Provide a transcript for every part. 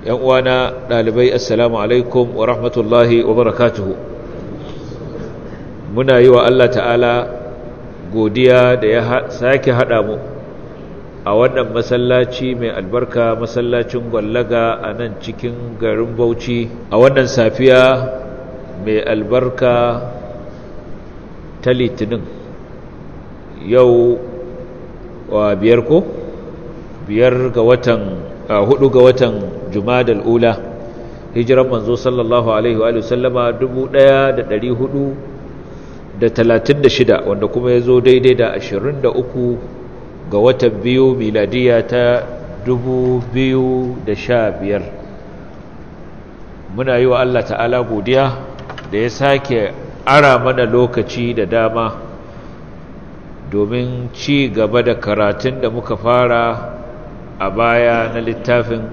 yan uwana dalibai assalamu alaikum wa rahmatullahi wa barakatuhu muna yi wa Allah ta'ala godiya da ya sake haɗa mu a wannan masallaci mai albarka masallacin gwallaga a nan cikin garin Bauchi a wannan safiya mai albarka ta litinin yau wa biyar ko biyar ga watan hudu ga watan jumadal ula hijiran manzo sallallahu alaihi wa sallama dubu da da da hudu talatin shida wanda kuma ya zo daidai da ashirin da uku ga watan biyu miladiya ta dubu biyu da sha biyar, muna yi wa Allah ta'ala godiya da ya sake ara mana lokaci da dama domin ci gaba da karatun da muka fara a baya na littafin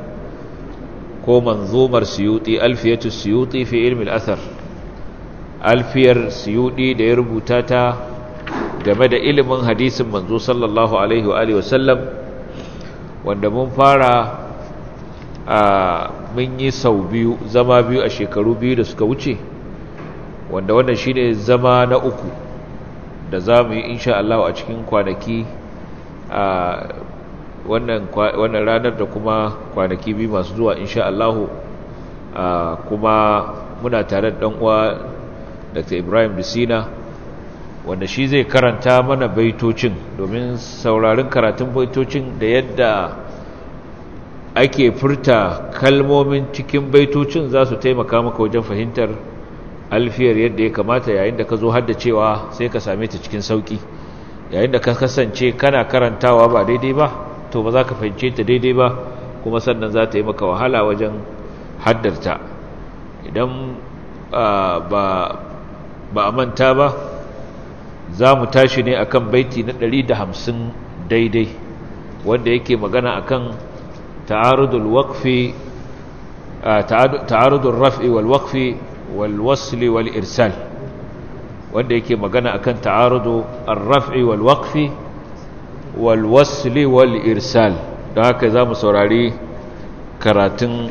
ko manzumar suyuti alfiyatu suyuti fi ilmi al'athar alfiyar siyuɗi da ya rubuta ta game da ilimin hadisin manzo sallallahu alaihi wa wasallam wanda mun fara a mun yi sau biyu zama biyu a shekaru biyu da suka wuce wanda wannan shine zama na uku da za mu yi insha Allah a cikin kwanaki wannan ranar da kuma kwanaki biyu masu zuwa insha Allahu kuma muna tare da uwa Dr. Ibrahim Bisina wanda shi zai karanta mana baitocin domin saurarin karatun baitocin da yadda ake furta kalmomin cikin baitocin za su taimaka maka wajen fahimtar alfiyar yadda ya kamata yayin da ka zo cewa, sai ka same ta cikin sauki yayin da ka kasance kana karantawa ba daidai ba to ba za ka fahimce ta daidai ba kuma sannan za ta yi maka wahala wajen haddarta idan ba a manta ba za mu tashi ne akan baiti na 150 daidai wanda yake magana akan ta'arudul waqfi ta'arudul raf'i wal waqfi wal wal irsal wanda yake magana akan ta'arudu ar-raf'i wal waqfi walwasli wal irsal da haka za mu saurari karatun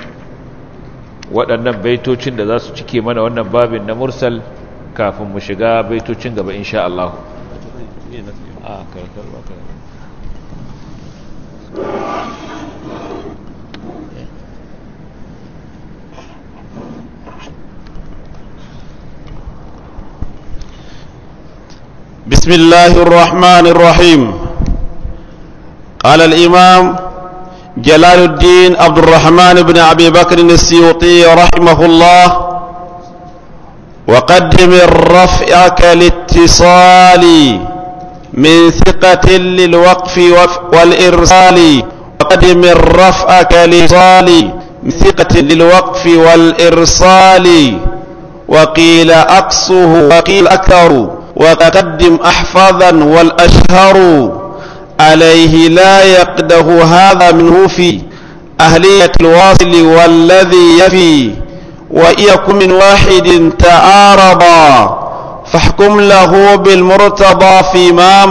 waɗannan baitocin da za su cike mana wannan babin na mursal kafin mu shiga baitocin gaba insha Allah بسم الله الرحمن الرحيم قال الإمام جلال الدين عبد الرحمن بن أبي بكر السيوطي رحمه الله وقدم الرفع كالاتصال من ثقة للوقف والإرسال وقدم الرفع كالاتصال من ثقة للوقف والإرسال وقيل أقصه وقيل أكثر وتقدم أحفظا والأشهر عليه لا يقده هذا منه في أهلية الواصل والذي يفي وإيكم من واحد تعارضا فاحكم له بالمرتضى في ما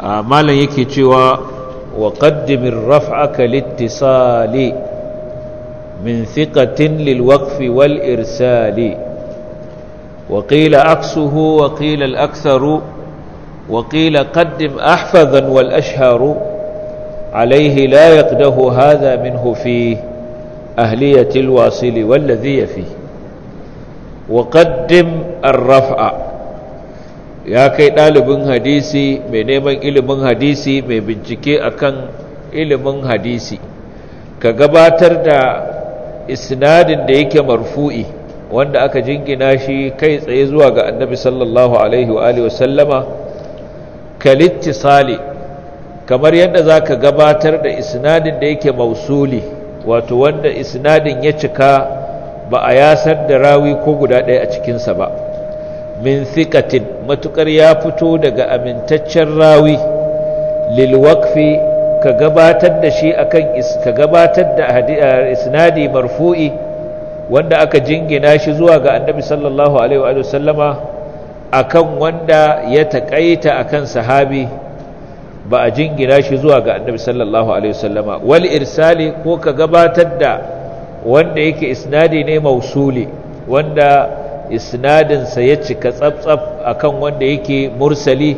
آه، مالا يكي وقدم الرفع كالاتصال من ثقة للوقف والإرسال وقيل عكسه وقيل الأكثر وقيل قدم أحفظا والأشهر عليه لا يقده هذا منه في أهلية الواصل والذي فيه وقدم الرفع ya kai ɗalibin hadisi mai neman ilimin hadisi mai bincike akan ilimin hadisi ka gabatar da isnadin da yake marfu'i wanda aka jingina shi kai tsaye zuwa ga annabi sallallahu alaihi wa alihi wasallama kalittisali kamar yadda za ka gabatar da isnadin da yake mausuli wato wanda isnadin ya cika ba a yasar da rawi ko guda ɗaya a cikinsa ba min thiqatin matukar ya fito daga amintaccen rawi lil Wakfi ka gabatar da shi akan ka gabatar da isnadi marfu'i wanda aka jingina shi zuwa ga annabi sallallahu alaihi wa sallama akan wanda ya takaita akan sahabi ba a jingina shi zuwa ga annabi sallallahu alaihi wa sallama wal irsali ko ka gabatar da wanda yake isnadi ne mausuli wanda isnadinsa ya cika tsabtsab akan wanda yake mursali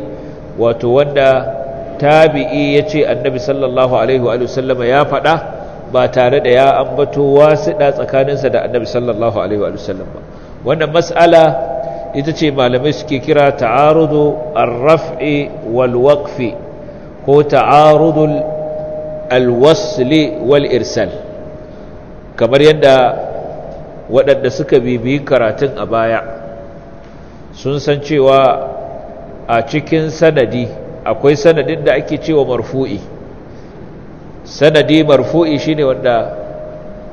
wato wanda tabi'i ya ce annabi sallallahu alaihi wa ya faɗa ba tare da ya ambato wasiɗa tsakaninsa da annabi sallallahu alaihi wa sallam ba wannan mas'ala ita ce malamai suke kira ta'arudu ar-raf'i wal ko ta'arudu al wal irsal kamar yadda waɗanda suka bibiyi karatun a baya sun san cewa a cikin sanadi akwai sanadin da ake cewa marfu'i sanadi marfu'i shine wanda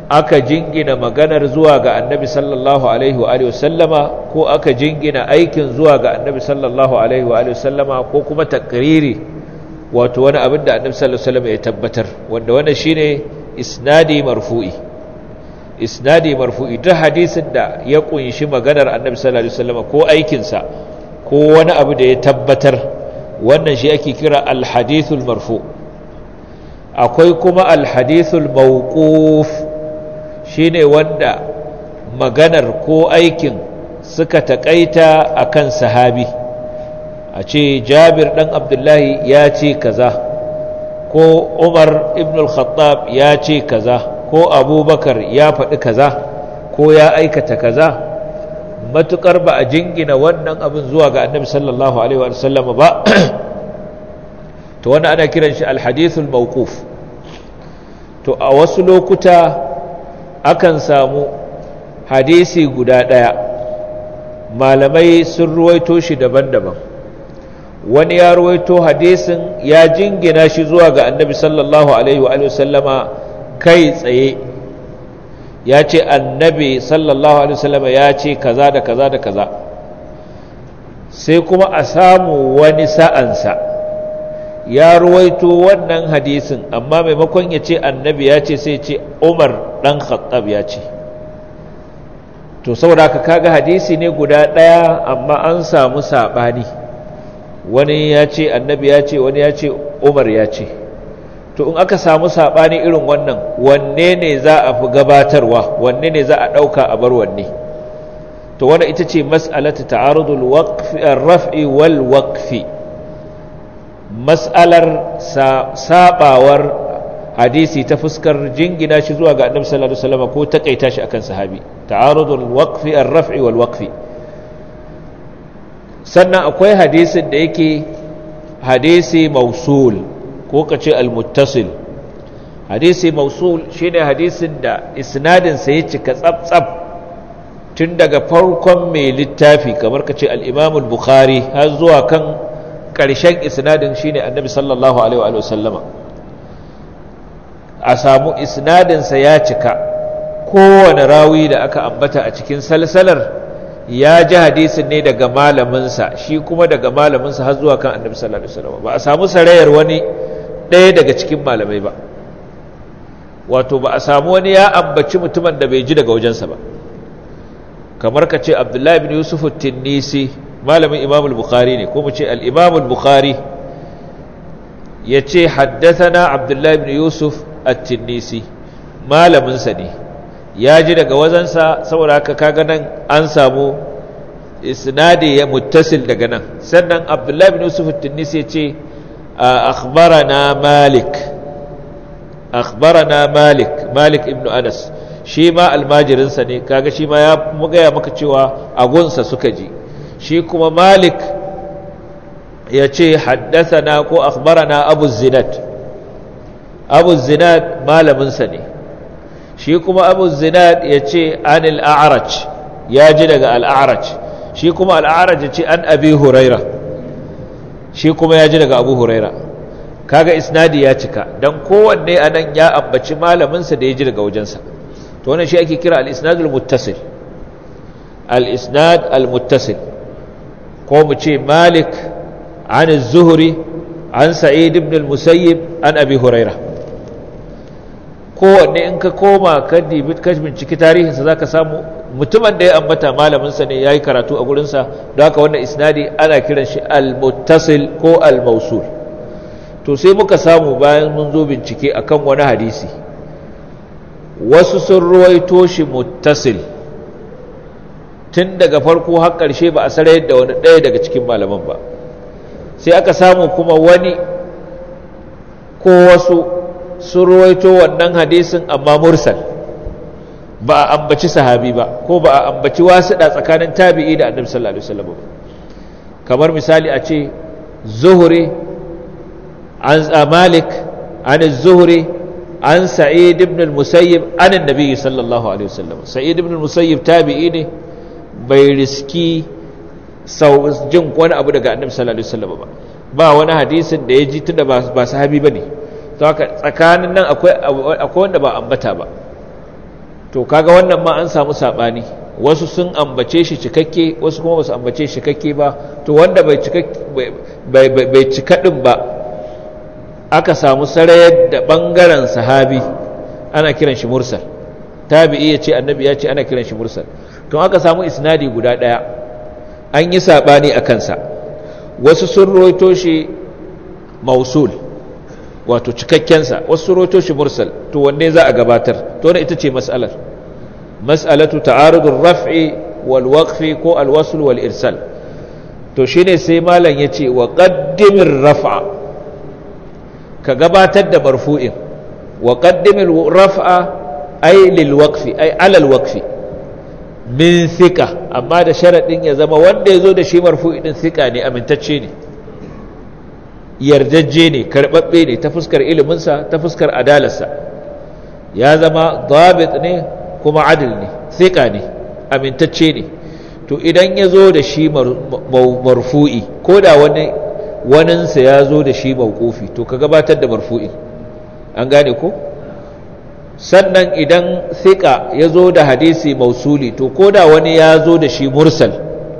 aka jingina maganar zuwa ga annabi sallallahu alaihi wa alihi Sallama, ko aka jingina aikin zuwa ga annabi sallallahu alaihi wa alihi Sallama, ko kuma takriri wato wani abin da annabi sallallahu alaihi wasallam ya tabbatar wanda wannan shine isnadi marfu'i isnadi marfu'i duk hadisin da ya kunshi maganar annabi sallallahu alaihi wasallama ko aikin sa ko wani abu da ya tabbatar wannan shi ake kira al-hadithul marfu' akwai kuma alhadithul mawquf shine wanda maganar ko aikin suka takaita akan sahabi a ce Jabir dan Abdullahi ya ce kaza ko Umar ibn al-Khattab ya ce kaza ko Abubakar ya faɗi kaza ko ya aikata kaza matukar ba a jingina wannan abin zuwa ga Annabi sallallahu alaihi wa sallam ba to wani ana kiran shi alhadithul mawquf to a wasu lokuta akan samu hadisi guda ɗaya malamai sun ruwaito shi daban-daban wani ya ruwaito hadisin ya jingina shi zuwa ga annabi sallallahu alaihi wa sallama kai tsaye ya ce annabi sallallahu alaihi wasallama ya ce kaza da kaza da kaza sai kuma a samu wani sa'ansa ya ruwaito wannan hadisin amma maimakon ya ce annabi ya ce sai ce umar ɗan khattab ya ce to saboda ka kaga hadisi ne guda ɗaya amma an samu saɓani wani ya ce annabi ya ce wani ya ce umar ya ce to in aka samu saɓani irin wannan wanne ne za a fi gabatarwa wanne ne za a ɗauka a bar wanne to wani ita ce mas'alatu ta'arudul waqfi ar-raf'i wal waqfi mas'alar sabawar hadisi ta fuskar jingina shi zuwa ga annabi sallallahu alaihi wasallam ko takaita shi akan sahabi ta'arudul waqfi ar-raf'i wal waqfi sannan akwai hadisin da yake hadisi mausul ko kace al-muttasil hadisi mausul shine hadisin da isnadin sa ya cika tsabtsab tun daga farkon mai littafi kamar kace al-imam al-bukhari har zuwa kan ƙarshen isnadin shine annabi sallallahu alaihi wa sallama a samu isnadinsa ya cika kowane rawi da aka ambata a cikin salsalar ya ji hadisin ne daga malaminsa shi kuma daga malaminsa har zuwa kan annabi sallallahu alaihi wasallam ba a samu sarayar wani ɗaya daga cikin malamai ba wato ba a samu wani ya ambaci mutumin da bai ji daga wajensa ba kamar ka ce abdullahi bin yusuf tinnisi malamin imam al-bukhari ne ko mu ce al-imam al-bukhari yace haddathana abdullahi ibn yusuf at-tinnisi malamin sa ne ya ji daga wazansa saboda haka kaga nan an samu isnadi ya muttasil daga nan sannan abdullahi ibn yusuf at-tinnisi yace akhbarana malik akhbarana malik malik ibn anas shi ma almajirinsa ne kaga shi ma ya mugaya maka cewa agunsa suka ji shi kuma malik ya ce haddasana ko akhbarana abu zinat abu zinat malaminsa ne shi kuma abu zinat ya ce an al'arac ya ji daga al'arac shi kuma al'arac ya ce an abi huraira shi kuma ya ji daga abu huraira kaga isnadi ya cika don kowanne a nan ya ambaci malaminsa da ya ji daga wajensa to Wani shi ake kira al-isnad al-muttasil al-isnad al-muttasil ko mu ce malik an zuhuri an sa'id ibn al-musayyib an abi huraira kowanne in ka koma ka dibi binciki tarihinsa zaka samu mutumin da ya ambata malaminsa ne yayi karatu a gurinsa don haka wannan isnadi ana kiran shi al-muttasil ko al-mawsul to sai muka samu bayan mun zo bincike akan wani hadisi wasu sun ruwaito shi muttasil tun daga farko har ƙarshe ba a sarayar da wani ɗaya daga cikin malaman ba sai aka samu kuma wani ko wasu sun ruwaito wannan hadisin amma mursal ba a ambaci sahabi ba ko ba a ambaci wasiɗa tsakanin tabi'i da annabi sallallahu alaihi wasallam kamar misali a ce zuhri an malik an zuhri an sa'id ibn al-musayyib an annabi sallallahu alaihi wasallam sa'id ibn al-musayyib tabi'i ne bai riski sau jin wani abu daga annabi sallallahu alaihi ba ba wani hadisin da ya ji tunda ba sahabi bane to haka tsakanin nan akwai akwai wanda ba ambata ba to kaga wannan ma an samu sabani wasu sun ambace shi cikakke wasu kuma basu ambace shi cikakke ba to wanda bai bai cika din ba aka samu sarayar da bangaren sahabi ana kiran shi mursal tabi'i ya ce annabi ya ce ana kiran shi mursal to aka samu isnadi guda ɗaya an yi saɓani a kansa wasu sun roito shi mausul wato cikakkensa wasu sun roito shi mursal to wanne za a gabatar to na ita ce mas'alar mas'alatu ta'arudun raf'i wal ko al wal irsal to ne sai malam yace wa qaddimir raf'a ka gabatar da marfu'in wa qaddimil raf'a ai lil ai alal waqfi min sika amma da sharaɗin ya zama wanda ya zo da shi marfu'i ɗin sika ne amintacce ne yardajje ne karɓaɓɓe ne ta fuskar iliminsa ta fuskar adalarsa ya zama dabit ne kuma adil ne sika ne amintacce ne to idan ya zo da shi marfu'i ko da wani waninsa ya zo da shi ƙofi to ka gabatar da marfu'i an gane ko sannan idan thiqa ya zo da hadisi mausuli to koda wani ya zo da shi mursal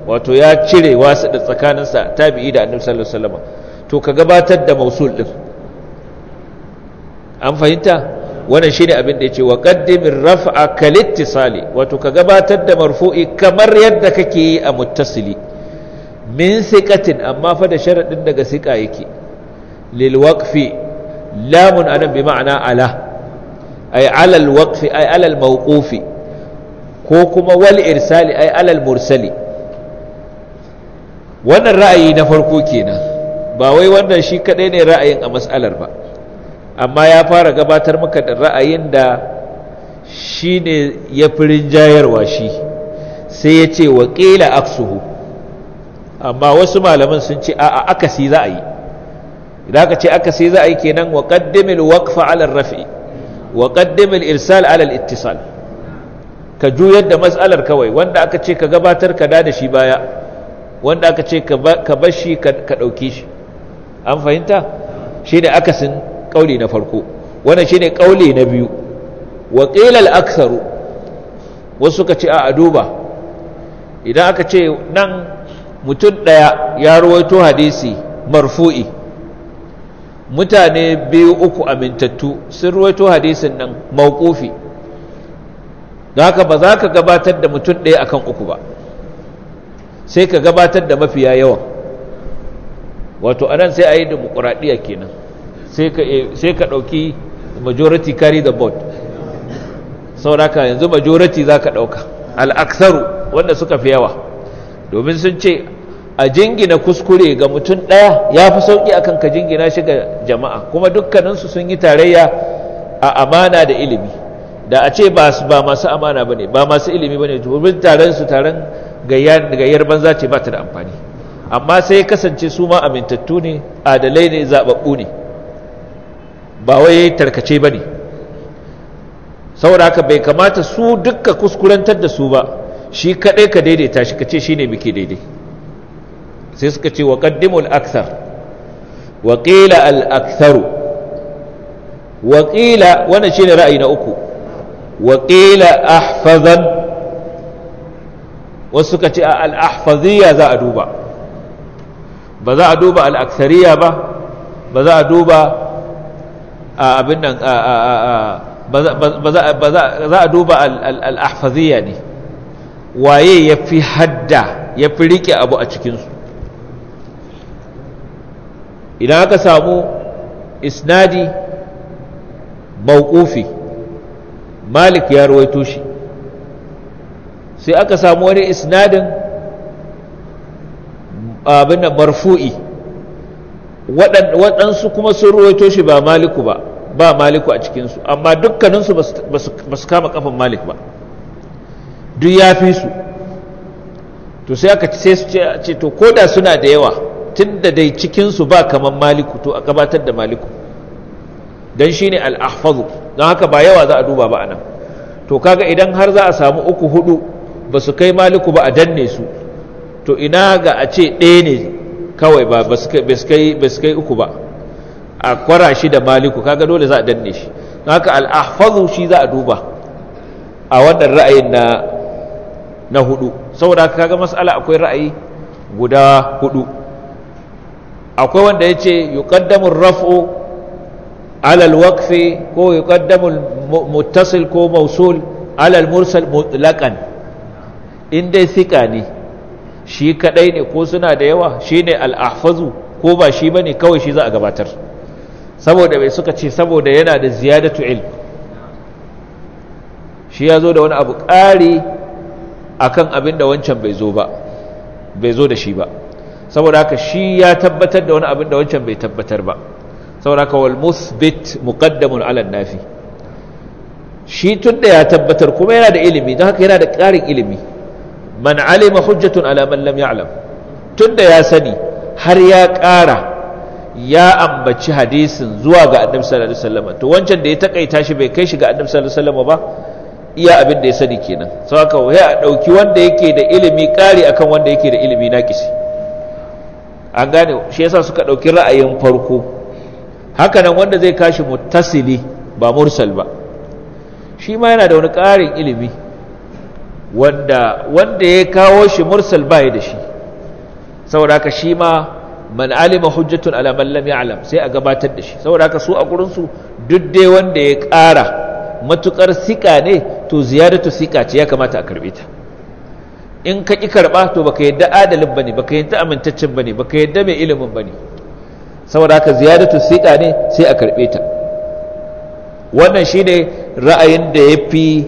wato ya cire wasu da tsakaninsa tabi'i da annabi sallallahu alaihi wasallam to ka gabatar da mausul din an fahimta wannan shine abin da yake wa qaddimir raf'a kal ittisali wato ka gabatar da marfu'i kamar yadda kake yi a muttasili min siqatin amma fa da sharadin daga siqa yake lil waqfi lamun anan bi ma'ana ala ay alal waqfi ay alal mawqufi ko kuma wal irsali ay alal mursali wannan ra'ayi na farko kenan ba wai wannan shi kadai ne ra'ayin a mas'alar ba amma ya fara gabatar maka da ra'ayin da shi ne ya firin jayarwa shi sai ya ce waƙila aksuhu amma wasu malaman sun ce a akasi za a yi idan aka ce akasi za a yi kenan wa ƙaddimin waƙfa rafi wa irsal alal ittisal ka juyar da matsalar kawai wanda aka ce ka gabatar ka da shi baya wanda aka ce ka bar shi ka ɗauki shi an fahimta ne akasin kauli na farko wannan ne ƙaule na biyu waƙilal aksaru, wasu ka ce a duba idan aka ce nan mutum ɗaya ya ruwaito hadisi marfu'i mutane biyu uku amintattu sun ruwaito hadisin nan mawqufi don haka ba za ka gabatar da mutum ɗaya akan uku ba sai ka gabatar da mafiya yawan. wato anan sai a yi demokuraɗiyya kenan eh, sai ka ɗauki majority carry the board sauraka yanzu majority za ka ɗauka al'aksaru wanda suka fi yawa domin sun ce a jingina kuskure ga mutum ɗaya ya fi sauƙi akan ka jingina shi ga jama'a kuma dukkaninsu sun yi tarayya a amana da ilimi da a ce ba masu amana ba ne ba masu ilimi ba ne turbin taron su taron gayyar banza ce ba ta da amfani amma sai kasance su ma amintattu ne adalai ne zaɓaɓɓu ne ba wai tarkace ba ne saboda haka bai kamata su dukka kuskurantar da su ba shi kaɗai ka daidaita shi ka ce shi ne muke daidai sai suka ce wa qaddimul akthar wa qila al aktharu wa qila wannan shine ra'ayi na uku Waƙila qila ahfazan wasu suka ce al'ahfaziya za a duba ba za a duba al ba ba za a duba abin nan ba za a duba al ne waye ya fi hadda ya fi rike abu a cikinsu idan aka samu isnadi mawqufi malik ya ruwaito shi sai aka samu wani isnadin abin da marfu'i waɗansu kuma sun ruwaito shi ba maliku ba ba maliku a cikinsu amma dukkaninsu ba su kama kafin malik ba duk ya fi su to sai aka ce su ce to koda suna da yawa tun da dai cikinsu ba kamar maliku to a gabatar da maliku don shi ne al'ahfazu don haka ba yawa za a duba ba anan to kaga idan har za a samu uku hudu ba su kai maliku ba a danne su to ina ga a ce ɗaya ne kawai ba ba su kai uku ba a kwara shi da maliku kaga dole za a danne shi don haka al'ahfazu shi za a duba a wannan ra'ayin na na hudu saboda kaga mas'ala akwai ra'ayi guda hudu akwai wanda ya ce yukaddamun raf'u alal alwaqfi ko yukaddamun mutasil ko mausul alal mursal, mutlaqan in dai sika ne shi kadai ne ko suna da yawa shi al-ahfazu ko ba shi bane kawai shi za a gabatar saboda bai suka ce saboda yana da ziyadatu ilm shi ya zo da wani abu ƙari akan abin da wancan bai zo ba bai zo da shi ba saboda haka shi ya tabbatar da wani abin da wancan bai tabbatar ba saboda haka wal musbit muqaddamun ala nafi shi tun da ya tabbatar kuma yana da ilimi don haka yana da ƙarin ilimi man alima hujjatun ala man lam ya'lam tun da ya sani har ya ƙara ya ambaci hadisin zuwa ga annabi sallallahu alaihi wasallam to wancan da ya takaita shi bai kai shi ga annabi sallallahu alaihi wasallam ba iya abin da ya sani kenan saboda a dauki wanda yake da ilimi ƙari akan wanda yake da ilimi na kisi. an gane shi yasa suka ɗauki ra'ayin farko hakanan wanda zai kashi muttasili ba mursal ba shi ma yana da wani ƙarin ilimi wanda wanda ya kawo shi mursal baya da shi saboda haka shi ma man alima hujjatun ala man lam ya'lam sai a gabatar da shi saboda haka su a gurin su duk dai wanda ya ƙara matukar sika ne to ziyaratu sika ce ya kamata a karbe ta in ka ƙi karɓa to baka yadda adalin bane baka yadda amintaccen bane baka yadda mai ilimin bane saboda haka ziyadatu siqa ne sai a karɓe ta wannan shine ra'ayin da yafi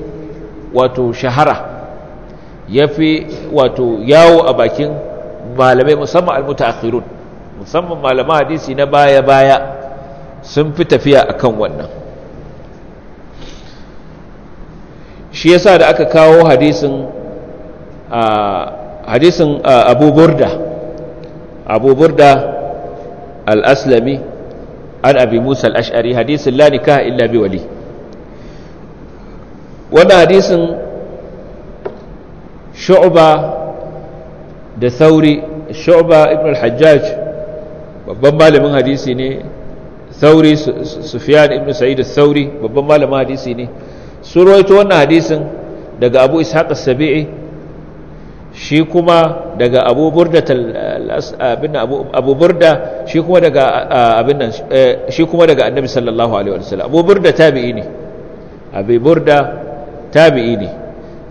wato shahara yafi wato yawo a bakin malamai musamman almutaakhirun musamman malaman hadisi na baya baya sun fi tafiya akan wannan shi yasa da aka kawo hadisin hadisin abu burda abu al an abi musa al-ash'ari hadisin la nikaha illa bi wali wannan hadisin sha'uba da sauri sha'uba ibn al-hajjaj babban malamin hadisi ne sauri sufyan ibn sa'id sauri babban malamin hadisi ne su rawaito wannan hadisin daga abu ishaq as-sabi'i shi kuma daga abu shi kuma daga abin nan eh, shi kuma daga annabi sallallahu alaihi tabi'i ne tabi'i ne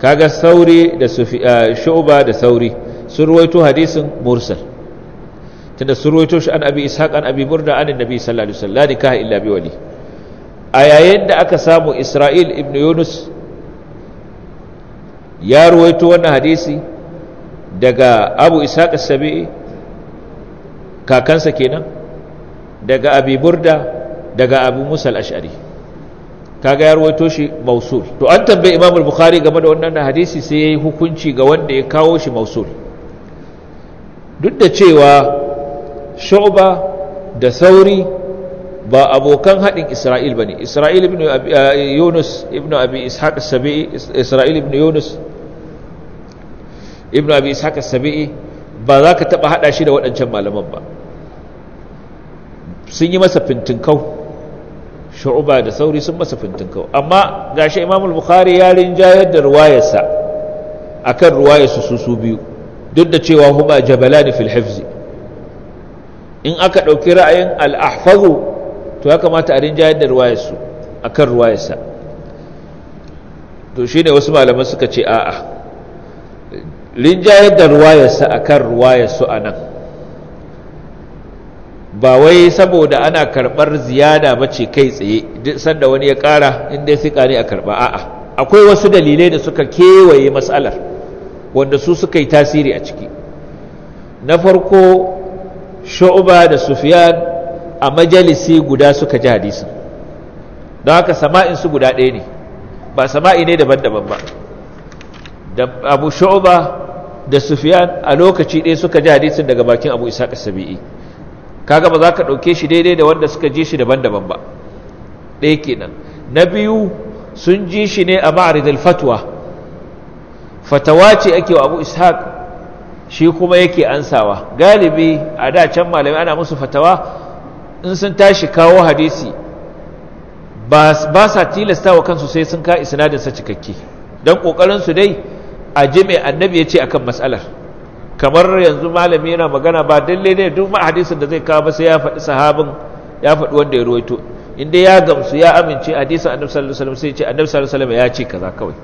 kaga sauri da eh, shu'ba da sauri sun hadisin mursal tunda sun shi an abi ishaq an abi burda an annabi sallallahu alaihi wasallam la nikaha illa bi wali a yayin da aka samu isra'il ibn yunus ya ruwaito wannan hadisi daga abu isa as kakansa kenan daga abi burda daga abu musa al'ashari ashari kaga ya rawaito shi mausul to an tambayi imam al-bukhari game da wannan hadisi sai ya yi hukunci ga wanda ya kawo shi mausul duk da cewa shu'ba da sauri ba abokan haɗin isra'il bane isra'il ibn uh, yunus ibn abi ishaq isra'il ibn yunus ibn abi saka sabi'i ba za ka taɓa haɗa shi da waɗancan malaman ba sun yi masa fintinkau shu'uba da sauri sun masa fintinkau amma gashi imamul bukhari ya rinjayar da ruwayarsa akan ruwayarsu su su biyu duk da cewa huma jabalani fil hifzi in aka ɗauki ra'ayin al'ahfazu to ya kamata a rinjayar da ruwayarsu akan ruwayarsa to shine wasu malaman suka ce a'a rinjayar da ruwayarsa a kan ruwayarsu a nan ba wai saboda ana karɓar ziyada ba kai tsaye duk sanda wani ya ƙara inda ya siƙa ne a karɓa a'a akwai wasu dalilai da suka kewaye matsalar wanda su suka yi tasiri a ciki na farko shu'ba da sufiyan a majalisi guda suka ji hadisin don haka sama'in su guda ɗaya ne ba sama'i ne daban-daban ba da abu shu'ba da Sufiyan a lokaci ɗaya suka ji hadisin daga bakin Abu Isa ka sabii kaga ba za ka ɗauke shi daidai da wanda suka ji shi daban-daban ba ɗaya kenan na biyu sun ji shi ne a ma'arid fatwa fatawa ce ake wa Abu Isa shi kuma yake ansawa galibi a da can malami ana musu fatawa in sun tashi kawo hadisi ba sa tilasta wa kansu sai sun ka isnadinsa cikakke don ƙoƙarinsu dai a ji annabi ya ce akan matsalar kamar yanzu malami yana magana ba dalle ne duk ma hadisin da zai kawo ba sai ya faɗi sahabin ya faɗi wanda ya ruwaito inda ya gamsu ya amince hadisin annabi sallallahu alaihi wasallam sai ya ce annabi sallallahu alaihi wasallam ya ce kaza kawai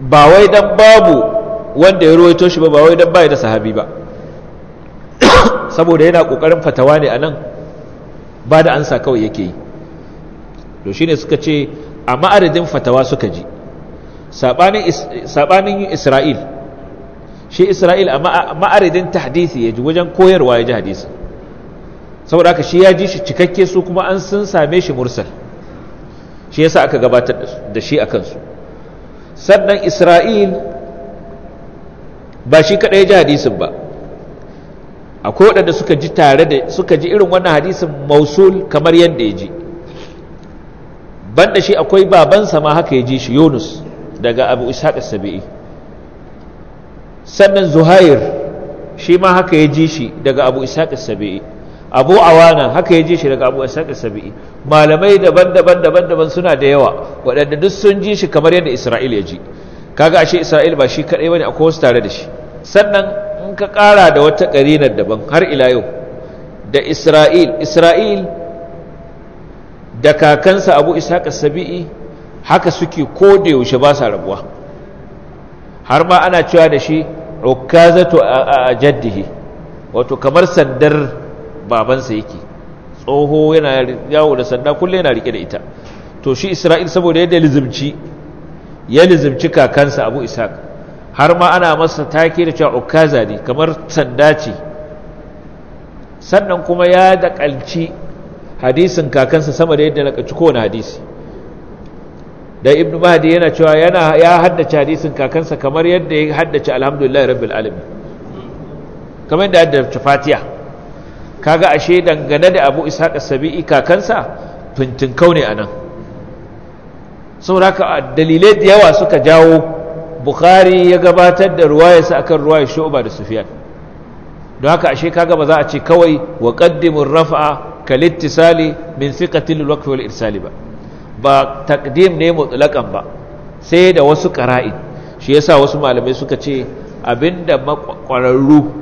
ba wai dan babu wanda ya ruwaito shi ba ba wai dan bai da sahabi ba saboda yana kokarin fatawa ne anan ba da ansa kawai yake yi to shine suka ce a ma'aridin fatawa suka ji saɓanin isra'il shi isra'il a ma'aridin tahdisi ya ji wajen koyarwa ya ji hadisi saboda haka shi ya ji shi cikakke su kuma an sun same shi mursal shi yasa aka gabatar da shi a kansu sannan isra'il ba shi kaɗai ji hadisin ba akwai waɗanda suka ji tare da suka ji irin wannan hadisin mausul kamar yadda ya ji banda shi akwai babansa ma haka ya ji shi yunus daga abu ishaq sabii sannan zuhair shi ma haka ya ji shi daga abu ishaq sabii abu awana haka ya ji shi daga abu ishaq sabii malamai daban-daban daban-daban suna da yawa waɗanda duk sun ji shi kamar yadda isra'il ya ji kaga ashe isra'il ba shi kadai bane akwai wasu tare da shi sannan in ka ƙara da wata ƙarinar daban har ila yau da isra'il isra'il da kakansa abu ishaq sabii haka suke ko da yaushe ba sa rabuwa har ma ana cewa da shi ukazatu a jaddihi wato kamar sandar babansa yake tsoho yana yawo da sanda kulle yana rike da ita to shi isra'il saboda yadda lizimci ya lizimci kakansa abu ishaq har ma ana masa take da cewa ukaza ne kamar sanda ce sannan kuma ya daƙalci hadisin kakansa sama da yadda na kaci kowane hadisi da ibnu mahdi yana cewa yana ya haddace hadisin kakansa kamar yadda ya haddace alhamdulillah rabbil alamin kamar yadda haddace fatiha kaga ashe dangane da abu ishaq sabii kakansa fintinkau ne anan saboda dalilai da yawa suka jawo bukhari ya gabatar da ruwayarsa akan ruwayar shu'ba da sufyan don haka ashe kaga ba za a ce kawai wa qaddimu rafa kalittisali min thiqatil waqf wal irsali ba ba takdim ne mutlaqan ba sai da wasu ƙara'in, shi yasa wasu malamai suka ce abinda makwararru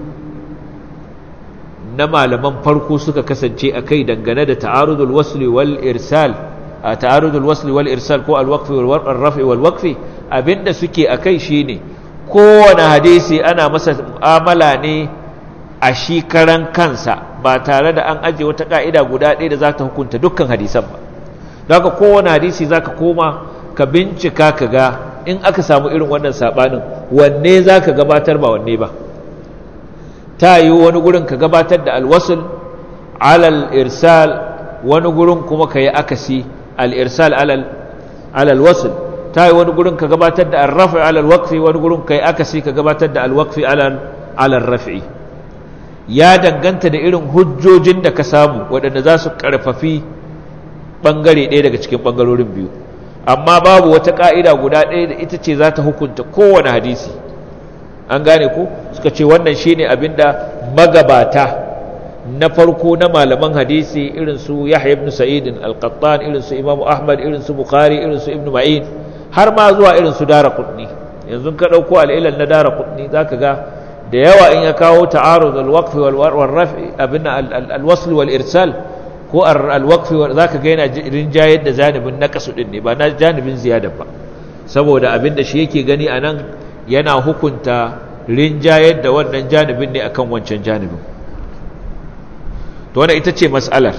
na malaman farko suka kasance akai dangane da ta'arudul wasli wal irsal a ta'arudul wasli wal irsal ko al wal rafi wal waqfi abinda suke akai shine kowane hadisi ana masa mu'amala ne a shi karan kansa ba tare da an aje wata ka'ida guda ɗaya da za ta hukunta dukkan hadisan ba daga kowane hadisi za ka koma ka bincika ka ga in aka samu irin wannan sabanin wanne za ka gabatar ba wanne ba ta yi wani gurin ka gabatar da alwasul alal irsal wani gurin kuma ka yi akasi al irsal alal alwasul. wasul ta yi wani gurin ka gabatar da alrafi alal wakfi wani gurin ka yi akasi ka gabatar da alwakfi alal rafi ya danganta da irin hujjojin da ka samu waɗanda za su ƙarfafi bangare ɗaya daga cikin bangarorin biyu amma babu wata ka'ida guda ɗaya da ita ce za ta hukunta kowane hadisi an gane ko suka ce wannan shine da magabata na farko na malaman hadisi irin su Yahya ibn Sa'id al-Qattan irin su Imam Ahmad irin su Bukhari irin su Ibn Ma'in har ma zuwa irin su Daraqutni yanzu ka dauko al-ilal na Daraqutni zaka ga da yawa in ya kawo ta'arud al-waqf wal raf' abin al-wasl wal irsal ko alwaqfi za ka gaina yana rinjayar da janibin nakasu ɗin ne ba na janibin ziyadar ba saboda abin da shi yake gani a nan yana hukunta rinjayar da wannan janibin ne akan wancan janibin to wani ita ce matsalar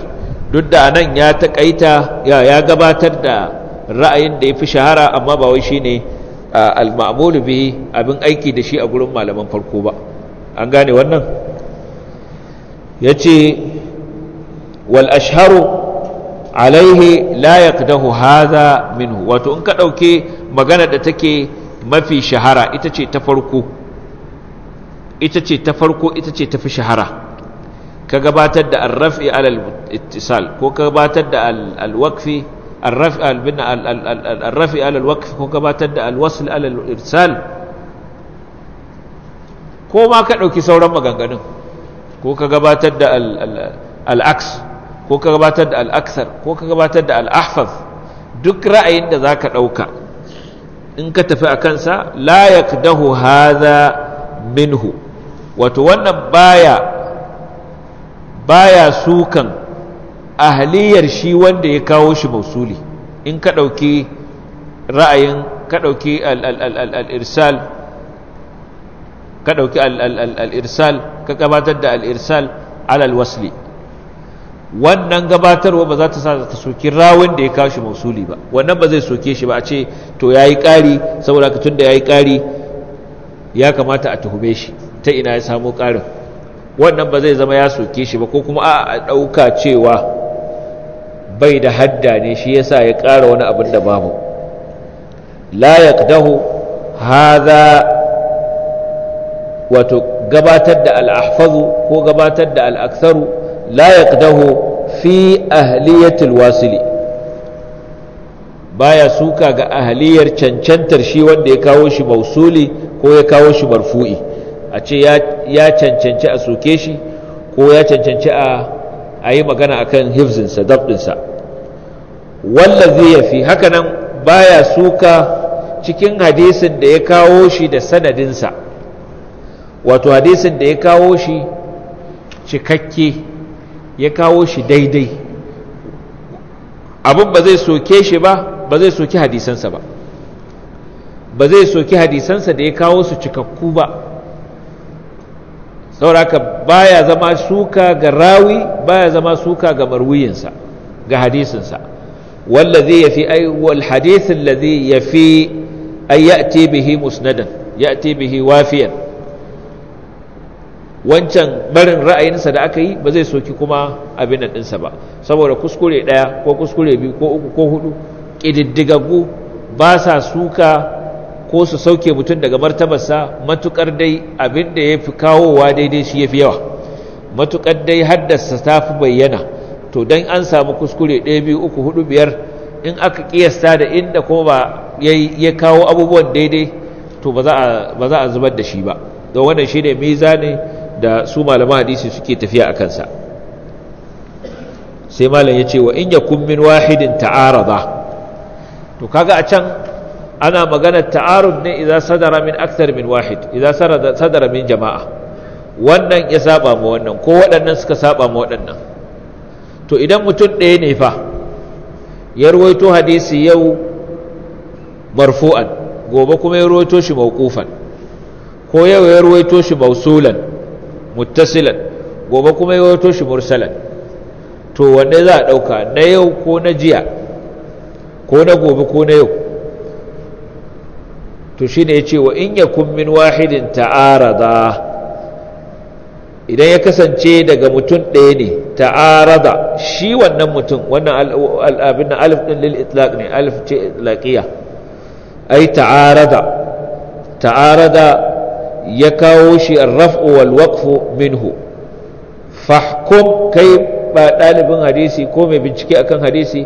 duk da anan ya takaita ya, gabatar da ra'ayin da ya fi shahara amma ba wai shine al-ma'mul abin aiki da shi a gurin malaman farko ba an gane wannan yace wal ashharu alaihi la yaqdahu hadha minhu wato in ka dauke magana da take mafi shahara ita ce ta farko ita ce ta farko ita ce tafi shahara ka gabatar da arrafi alal ittisal ko ka gabatar da alwaqfi arrafi albina arrafi alal waqfi ko gabatar da alwasl alal irsal ko ma ka dauki sauran maganganun ko ka gabatar da al aks ko ka gabatar da al'aksar ko ka gabatar da al'ahfaz duk ra'ayin da za ka ɗauka in ka tafi a kansa layak dahu haza minhu wato wannan baya baya sukan ahliyar shi wanda ya kawo shi mausuli in ka ɗauki ra'ayin ka ɗauki al'irsal ka ɗauki al'irsal ka gabatar da al'irsal alal wasli wannan gabatarwa ba za ta sa ta soki rawun da ya kashi mausuli ba wannan ba zai soke shi ba a ce to ya yi ƙari saboda ka tun da ya yi ƙari ya kamata a tuhume shi ta ina ya samu ƙarin wannan ba zai zama ya soke shi ba ko kuma a ɗauka cewa bai da hadda ne shi ya sa ya ƙara wani abin da babu Layak dahu, haza, wato gabatar da al'ahfazu ko gabatar da al'aksaru la yaqdahu fi ahliyatul wasili baya suka ga ahliyar cancantar shi wanda ya kawo shi mausuli ko ya kawo shi marfu'i a ce ya cancanci a soke shi ko ya cancanci a yi magana akan hifzinsa dabdinsa wallazi ya fi hakanan baya suka cikin hadisin da ya kawo shi da sanadinsa wato hadisin da ya kawo shi cikakke ya kawo shi daidai abin ba zai soke shi ba ba zai hadisansa ba ba zai soki hadisansa da ya kawo su cikakku ba sauraka baya zama suka ga rawi baya zama suka ga marwiyinsa ga hadisinsa wallazi yafi ay wal hadith allazi yafi ay ya'ti bihi musnadan ya'ti bihi wafiyan wancan barin ra'ayinsa da aka yi ba zai soki kuma abin nan ɗinsa ba saboda kuskure ɗaya ko kuskure biyu ko uku ko hudu ƙididdigaggu ba sa suka ko su sauke mutum daga martabarsa matuƙar dai abin da ya fi kawowa daidai shi ya fi yawa matukar dai haddasa ta fi bayyana to don an samu kuskure ɗaya biyu uku hudu biyar in aka ƙiyasta da inda kuma ba ya kawo abubuwan daidai to ba za a zubar da shi ba don wannan shi ne da su malama hadisi suke tafiya a kansa sai malam ya ce wa in yakun min wahidin ta'arada to kaga a can ana maganar ta'arud ne idza sadara min akthar min wahid idza sadara min jama'a wannan ya saba mu wannan ko waɗannan suka saba mu waɗannan to idan mutum ɗaya ne fa ya ruwaito hadisi yau marfu'an gobe kuma ya ruwaito shi mawqufan ko yau ya ruwaito shi mausulan muttasilan gobe kuma ya wato shi mursalan to wanda za a ɗauka na yau ko na jiya ko na gobe ko na yau to shi ne ya ce wa in yakun min wahidin ta'arada idan ya kasance daga mutum ɗaya ne ta'arada shi wannan mutum wannan al'abin alif ɗin lil itlaq ne alif ce laƙiya ai ta'arada ta'arada ya kawo shi ar-raf'u wal waqfu minhu fahkum kai ba dalibin hadisi ko mai bincike akan hadisi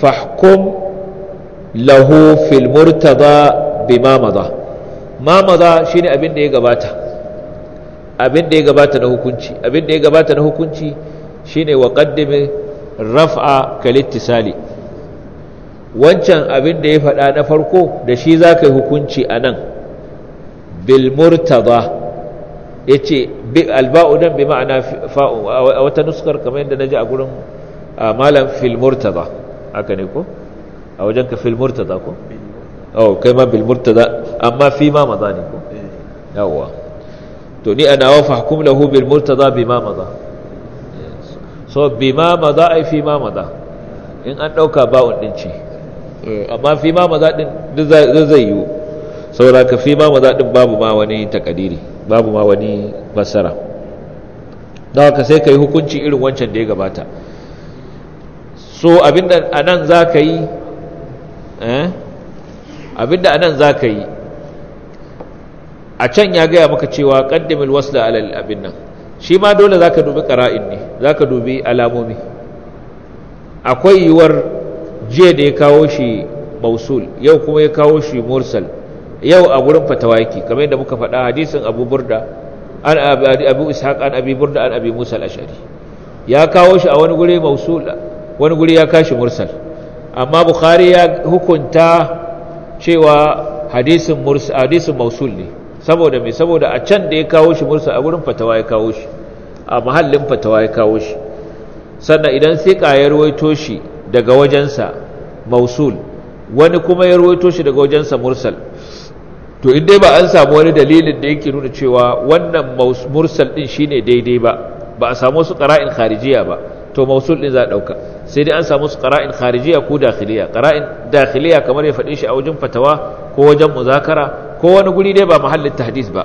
fahkum lahu fil murtada bima madha ma madha shine abin da ya gabata abin da ya gabata na hukunci abin da ya gabata na hukunci shine wa qaddimi raf'a kal ittisali wancan abin da ya faɗa na farko da shi zaka yi hukunci anan bil ya ce alba'u nan bi ma'ana fa'u a wata nuskar kamar yadda na naji a gurin malam fil haka ne ko a wajen ka fil ko oh kai ma bil amma fi ma maza ne ko eh. yawa to ni ana wa fahkum lahu bil murtada bima maza so bima maza ai fi ma maza in an ɗauka ba'un din ce eh. amma fi ma maza din zai yiwu saboda ka fi ma maza babu ma wani takadiri babu ma wani masara. da ka sai ka yi hukunci irin wancan da ya gabata so abinda nan za ka yi eh abinda nan za ka yi a can ya gaya maka cewa qaddimul wasu alal abin nan shi ma dole za ka dubi ƙara'in ne za ka dubi alamomi akwai yiwuwar jiya da ya kawo shi mausul yau kuma ya kawo shi mursal yau a gurin fatawaki kamar yadda muka faɗa hadisin abu burda an abu ishaq an abi burda an abi musa al-ashari ya kawo shi a wani guri mausul wani guri ya kashi mursal amma bukhari ya hukunta cewa hadisin mursal hadisin mausul ne saboda me saboda a can da ya kawo shi mursal a gurin fatawa ya kawo shi a mahallin fatawa ya kawo shi sannan idan thiqa ya ruwaito shi daga wajensa mausul wani kuma ya ruwaito shi daga wajensa mursal to in dai ba an samu wani dalilin da yake nuna cewa wannan mursal din shine daidai ba ba a samu su qara'in kharijiya ba to mausul din za dauka sai dai an samu su qara'in kharijiya ko dakhiliya qara'in dakhiliya kamar ya faɗi shi a wajen fatawa ko wajen muzakara ko wani guri dai ba mahallin tahdis ba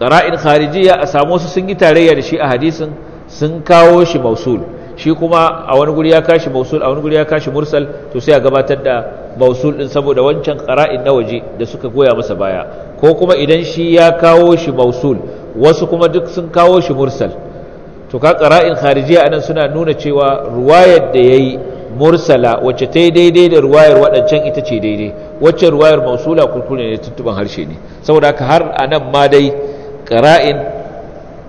qara'in kharijiya a samu su sun yi tarayya da shi a hadisin sun kawo shi mausul shi kuma a wani guri ya kashi mausul a wani guri ya kashi mursal to sai a gabatar da mausul din saboda wancan qara'in na waje da suka goya masa baya ko kuma idan shi ya kawo shi mausul wasu kuma duk sun kawo shi mursal to ka qara'in kharijiya anan suna nuna cewa ruwayar da yayi mursala wacce ta yi daidai da ruwayar waɗancan ita ce daidai wacce ruwayar mausula kurkure ne tuntuban harshe ne saboda haka har anan ma dai qara'in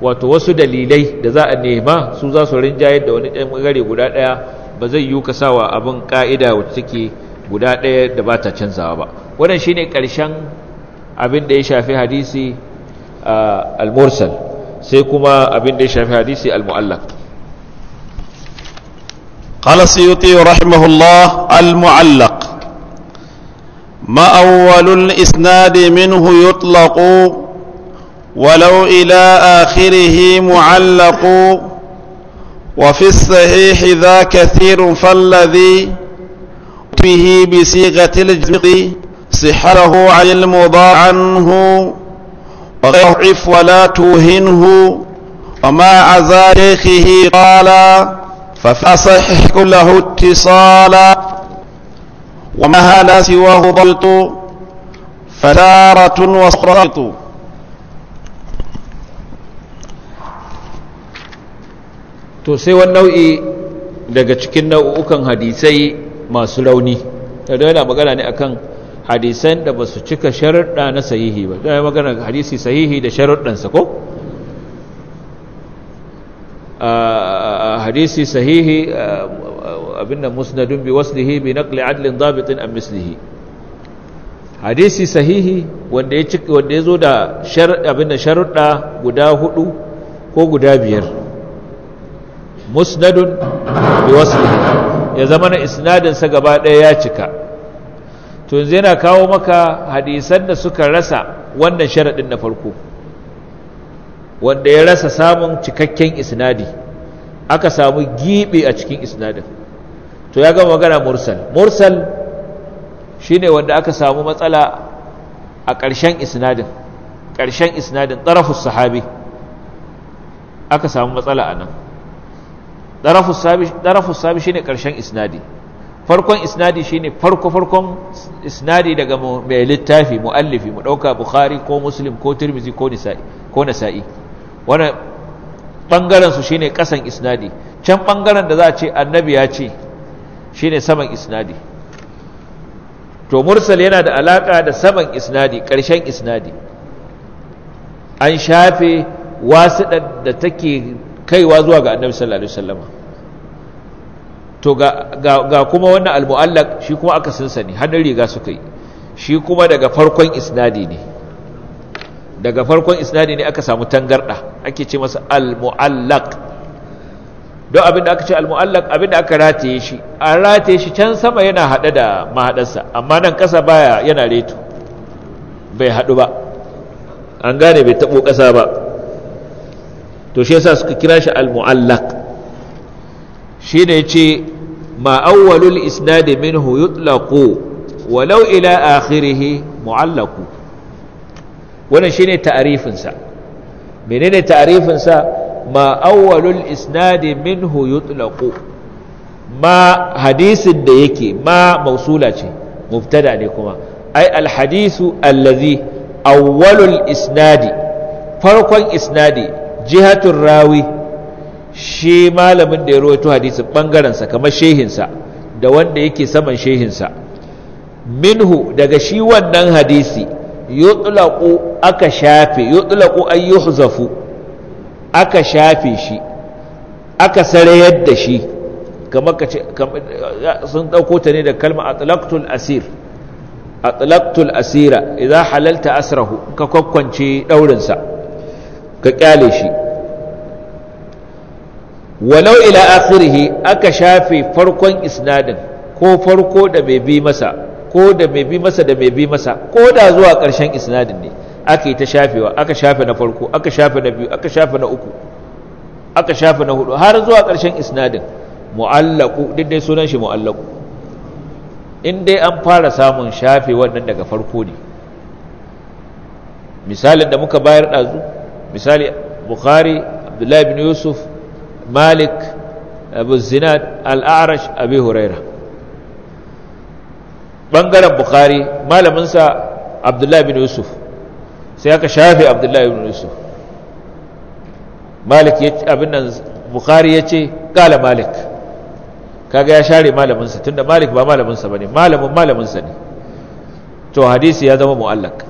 wato wasu dalilai da za a nema su za su rinjayar da wani ɓangare guda ɗaya ba zai yi ka sawa abin ƙa'ida wacce take guda ɗaya da ba ta canzawa ba wannan shine ƙarshen abin da ya shafi hadisi al-mursal sai kuma abin da ya shafi hadisi al-mu'allaq قال السيوطي رحمه الله المعلق ما أول الإسناد منه يطلق ولو إلى آخره معلق وفي الصحيح ذا كثير فالذي به بصيغة الجزم صحته عن المضاع عنه وضعف ولا توهنه وما عزا شيخه قال ففصح كله اتصالا ومهل سواه ضلط فتارة وصرط to sai wani nau'i daga cikin nau'ukan hadisai masu rauni da yana magana ne akan hadisan da ba su cika sharuɗa na sahihi ba Yana magana hadisi sahihi da sharuɗansa ko hadisi sahihi abinda musnadun bi waslihi bi naqli adlin dabitin am mislihi hadisi sahihi wanda ya wanda zo da shar abinda sharuɗa guda hudu ko guda biyar musnadun bi ya zama na isnadinsa gaba ɗaya ya cika to yanzu yana kawo maka hadisan da suka rasa wannan sharaɗin na farko wanda ya rasa samun cikakken isnadi aka samu giɓe a cikin isnadin to ya gama magana mursal mursal shine wanda aka samu matsala a ƙarshen isnadin ƙarshen isnadin ɗarafus sahabi aka samu matsala a nan ɗarafu sami shine ƙarshen isnadi farkon isnadi shine farko farkon isnadi daga mai littafi muallifi mu ɗauka bukhari ko muslim ko turmizi ko nisa'i ko nasa'i wani ɓangarensu shi shine ƙasan isnadi can ɓangaren da za a ce annabi ya ce shine saman isnadi to mursal yana da alaƙa da saman isnadi ƙarshen isnadi an shafe wasu da take kaiwa zuwa ga annabi sallallahu alaihi wasallama to ga kuma wannan almu'allaq shi kuma aka sunsa ne riga suka yi shi kuma daga farkon isnadi ne daga farkon isnadi ne aka samu tangarda ake ce masa almu'allaq don abin da aka ce almu'allaq da aka rataye shi an rataye shi can sama yana hada da mahadarsa amma nan kasa baya yana reto bai hadu ba an gane bai tabo kasa ba to shi yasa suka kira shi al-mu'allaq shi ne ce ma awwalul isnad minhu yutlaqu walau ila akhirih mu'allaqu wannan shine ta'rifin sa menene ta'rifin sa ma awwalul isnad minhu yutlaqu ma hadisin da yake ma mausula ce mubtada ne kuma ai al-hadisu allazi awwalul isnadi farkon isnadi jihatun rawi shi malamin da ya rawaito hadisin ɓangarensa kamar shehinsa da wanda yake saman shehinsa minhu daga shi wannan hadisi yutlaqu aka shafe yutlaqu an yuhzafu aka shafe shi aka sarayar da shi kamar ka ce sun dauko ta ne da kalma atlaqtul asir atlaqtul asira idan halalta asrahu ka kokkwance daurin sa ka kyale shi walau ila akhirih aka shafe farkon isnadin ko farko da mai bi masa ko da mai bi masa da mai bi masa ko da zuwa ƙarshen isnadin ne aka yi ta shafewa aka shafe na farko aka shafe na biyu aka shafe na uku aka shafe na hudu har zuwa ƙarshen isnadin mu'allaku duk dai sunan shi mu'allaku in dai an fara samun shafe wannan daga farko ne misalin da muka bayar ɗazu misali bukhari abdullahi bin yusuf malik abu zinad al'arash abu huraira ɓangaren bukhari malaminsa abdullahi bin yusuf sai aka shafe abdullahi bin yusuf malik ya abin nan bukhari ya ce kala malik kaga ya share malaminsa tunda malik ba malaminsa ba ne malamin malaminsa ne to hadisi ya zama mu'allak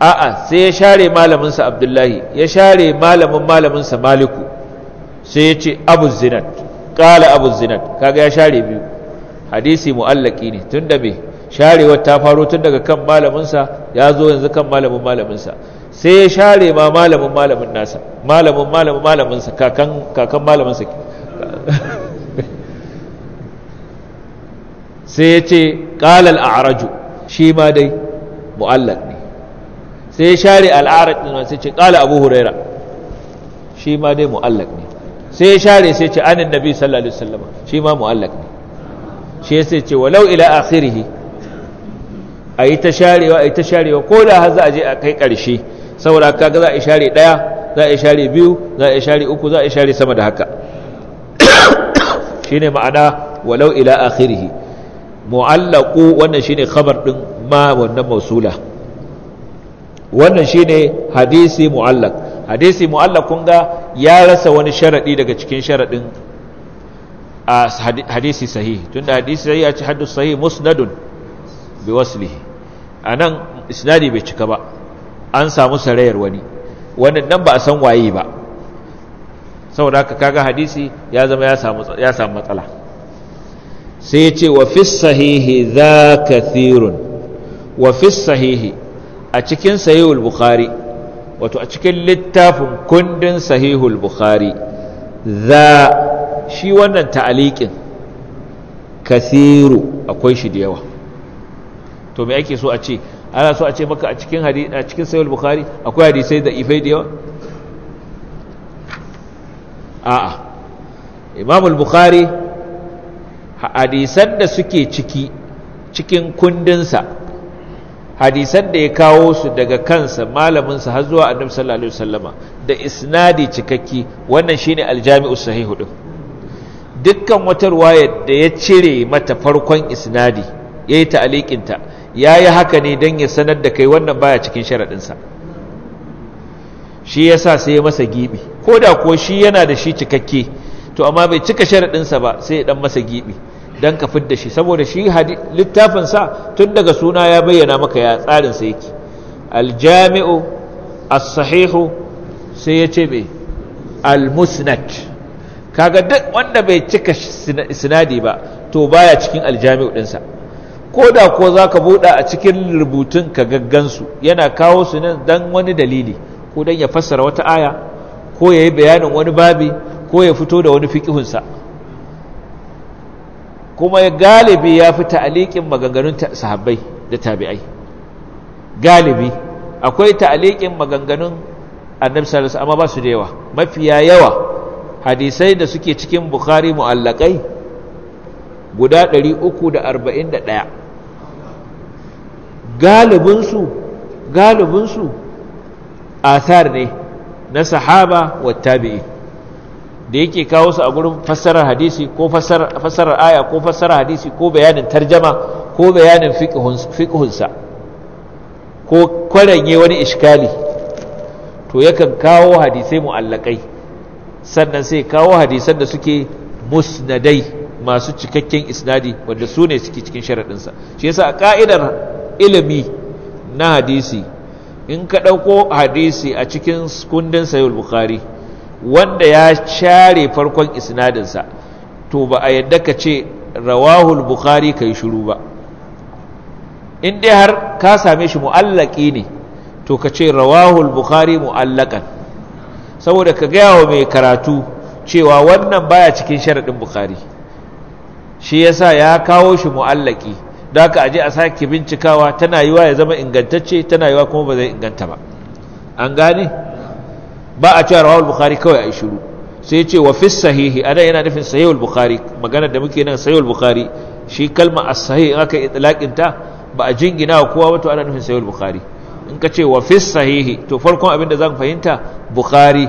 a'a sai ya share malaminsa abdullahi ya share malamin malaminsa maliku sai ya ce abu zinat ƙala abu zinat kaga ya share biyu hadisi mu'allaki ne tun da me sharewar ta faro tun daga kan malaminsa ya zo yanzu kan malamin malaminsa sai ya share ma malamin malamin nasa malamin malamin malaminsa kakan kakan malaminsa sai ya ce ƙalal a'raju shi ma dai mu'allaki ne sai ya share al'arat din sai ce qala abu huraira shi ma dai ne sai ya share sai ce anin nabi sallallahu alaihi wasallam shi ma ne shi sai ce walau ila ayi ta sharewa yi ta sharewa ko da har za a je a kai karshe saboda kaga za a share ɗaya, za a share biyu za a share uku za a share sama da haka shine ma'ana walau ila akhirih mu'allaqu wannan shine khabar din ma wannan mausula wannan shine hadisi mu'allaq hadisi mu'allaq kun ga ya rasa wani sharadi daga cikin sharadin a hadisi sahih tunda hadisi sahih ya ce haddu sahih musnadun bi waslihi anan isnadi bai cika ba an samu sarayar wani wannan nan ba a san waye ba saboda haka kaga hadisi ya zama ya samu ya samu matsala sai ya ce wa fi sahihi za kathirun wa fi sahihi a cikin sahihul bukhari wato a cikin littafin kundin sahihul bukhari za shi wannan ta'aliƙin kasiru akwai shi da yawa to me ake so a ce ana so a ce maka a cikin hadisi a cikin sahih bukhari akwai hadisai da ifai da yawa a'a imam al-bukhari hadisan da suke ciki cikin kundinsa hadisan da ya kawo su daga kansa malaminsa har zuwa annabi sallallahu alaihi wasallama da isnadi cikakki wannan shine aljami'us sahihu din dukkan wata riwayar da ya cire mata farkon isnadi yayi ta'liqin ta yayi haka ne dan ya sanar da kai wannan baya cikin sharadin sa shi yasa sai ya masa gibi koda ko shi yana da shi cikakke to amma bai cika sharadin sa ba sai ya dan masa gibi Dan ka fidda shi saboda shi littafinsa tun daga suna ya bayyana maka ya tsarinsa yake aljami'u as-sahihu sai ya ce mai al-musnad kaga duk wanda bai cika sinadi ba to baya cikin aljami'u dinsa ko da ko za ka buɗa a cikin rubutun ka gaggansu yana kawo su nan don wani dalili ko don ya fassara wata aya ko ya yi bayanin wani babi ko ya fito da wani fikihunsa kuma galibi ya fi ta'aliƙin maganganun sahabbai da tabi'ai galibi akwai ta'aliƙin maganganun annabi sallallahu amma ba su da yawa mafiya yawa hadisai da suke cikin bukhari mu'allakai guda 341 galibinsu galibinsu asar ne na sahaba wa tabi'i da yake kawo su a gurin fassarar hadisi ko fassarar aya ko fassarar hadisi ko bayanin tarjama ko bayanin fiqhunsa ko kwaranye wani iskali to yakan kawo hadisai mu'allakai sannan sai kawo hadisan da suke musnadai masu cikakken isnadi wanda su ne suke cikin sharaɗinsa shi yasa a ƙa'idar ilimi na hadisi in ka ɗauko hadisi a cikin kundin sayul bukhari wanda ya share farkon isnadinsa to ba a yadda ka ce rawahul bukhari kai shiru ba in dai har ka same shi mu'allaki ne to ka ce rawahul bukhari mu'allakan saboda ka gaya wa mai karatu cewa wannan baya cikin sharaɗin bukhari shi yasa ya kawo shi mu'allaki da aka aje a sake bincikawa tana yiwa ya zama ingantacce tana yiwa kuma ba zai inganta ba an gane ba a cewa rawahul bukhari kawai a yi shiru sai ce wa fi sahihi ana yana nufin sahihul bukhari maganar da muke nan sahihul bukhari shi kalma as sahih in aka itlaqin ta ba a jingina wa kowa wato ana nufin sahihul bukhari in ka ce wa fi sahihi to farkon abin da zan fahimta bukhari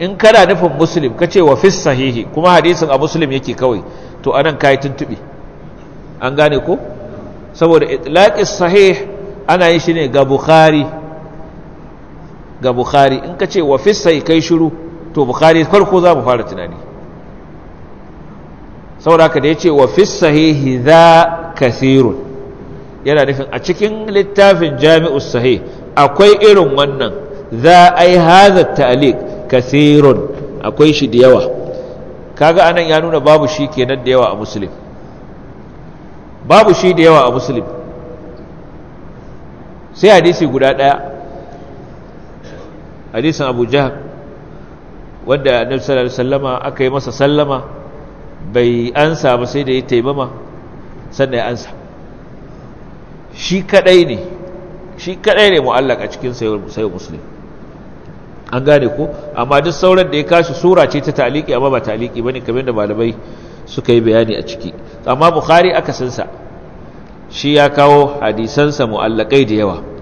in kana nufin muslim ka ce wa fi sahihi kuma hadisin a muslim yake kawai to anan kayi tuntubi an gane ko saboda itlaqis sahih ana yin shi ne ga bukhari ga bukhari in ka ce wa fissai kai shiru to bukhari farko za mu fara tunani saboda ka da ya ce wa fissahihi za kathirun yana nufin a cikin littafin jami'u sahih akwai irin wannan za a yi haza ta'alik kathirun akwai shi da yawa kaga anan ya nuna babu shi kenan da yawa a musulun babu shi da yawa a musulun sai hadisi guda ɗaya hadisin abu jahal wadda annabi sallallahu alaihi sallama aka yi masa sallama bai ansa ba sai da ya taimama sannan ya ansa shi kadai ne shi kadai ne a cikin sayo musulun an gane ko amma duk sauran da ya kashi sura ce ta taliki amma ba taliki ba ne kamar da malamai suka yi bayani a ciki amma bukhari aka sansa shi ya kawo hadisansa mu'allakai da yawa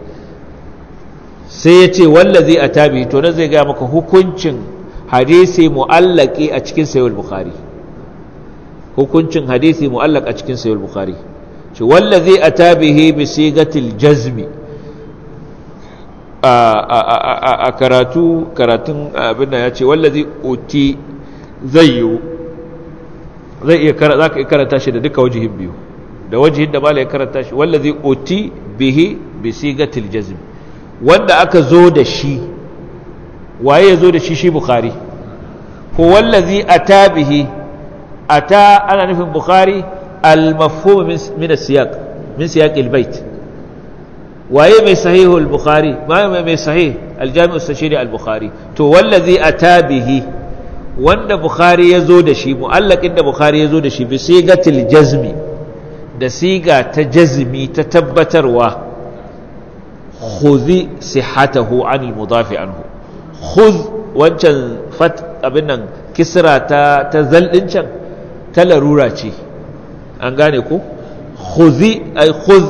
sai ya ce wallazi a tabi to na zai gaya maka hukuncin hadisi mu'allaki a cikin sayar bukhari hukuncin hadisi mu'allak a cikin sayar bukhari ce wallazi a tabihi bi sigatil jazmi a karatu karatun abin da ya ce wallazi uti zai yiwu zai iya karanta shi da duka wajihin biyu da wajihin da mala ya karanta shi wallazi uti bihi bi sigatil jazmi wanda aka zo da shi waye ya zo da shi shi bukhari huwallazi ata bihi ta ana nufin bukhari al-mafhum min as-siyaq min siyaq al-bait waye mai sahihu al-bukhari mai mai sahih al-jami' as-sashiri al-bukhari to wallazi ata bihi wanda bukhari ya zo da shi mu'allaqin da bukhari ya zo da shi bi sigatil jazmi da siga ta jazmi ta tabbatarwa khudhi sihatahu anil mudafi anhu khudh wancan fat abin nan kisra ta ta zaldin can ta larura ce an gane ko khudhi ay khudh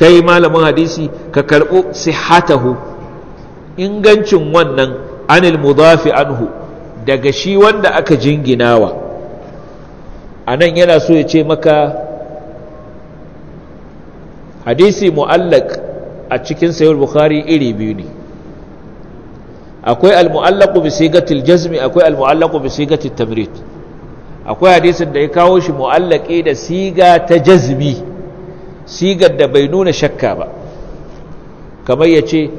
kai malamin hadisi ka karbo sihatahu ingancin wannan anil mudafi anhu daga shi wanda aka jinginawa anan yana so ya ce maka hadisi muallak a cikin sayar bukhari iri biyu ne akwai al muallaku bi sigatil jazmi akwai al muallaku bi sigatil tamrid akwai hadisin da ya kawo shi mu'allaki da siga ta jazmi sigar da bai nuna shakka ba kamar yace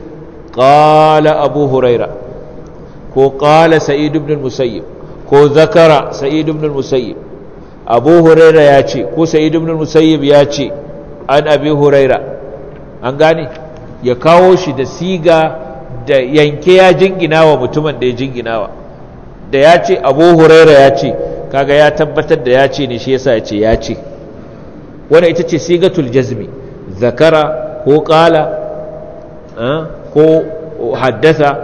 qala abu huraira ko qala sa'id ibn al-musayyib ko zakara sa'id ibn al-musayyib abu huraira ya ce ko sa'id ibn al-musayyib ya ce an abi huraira an gane ya kawo shi da siga da yanke ya jingina wa mutumin da ya jinginawa da ya ce abu huraira ya ce kaga ya tabbatar da ya ce ne shi yasa ya ce ya ce Wani ita ce sigatul jazmi zakara ko kala ko haddasa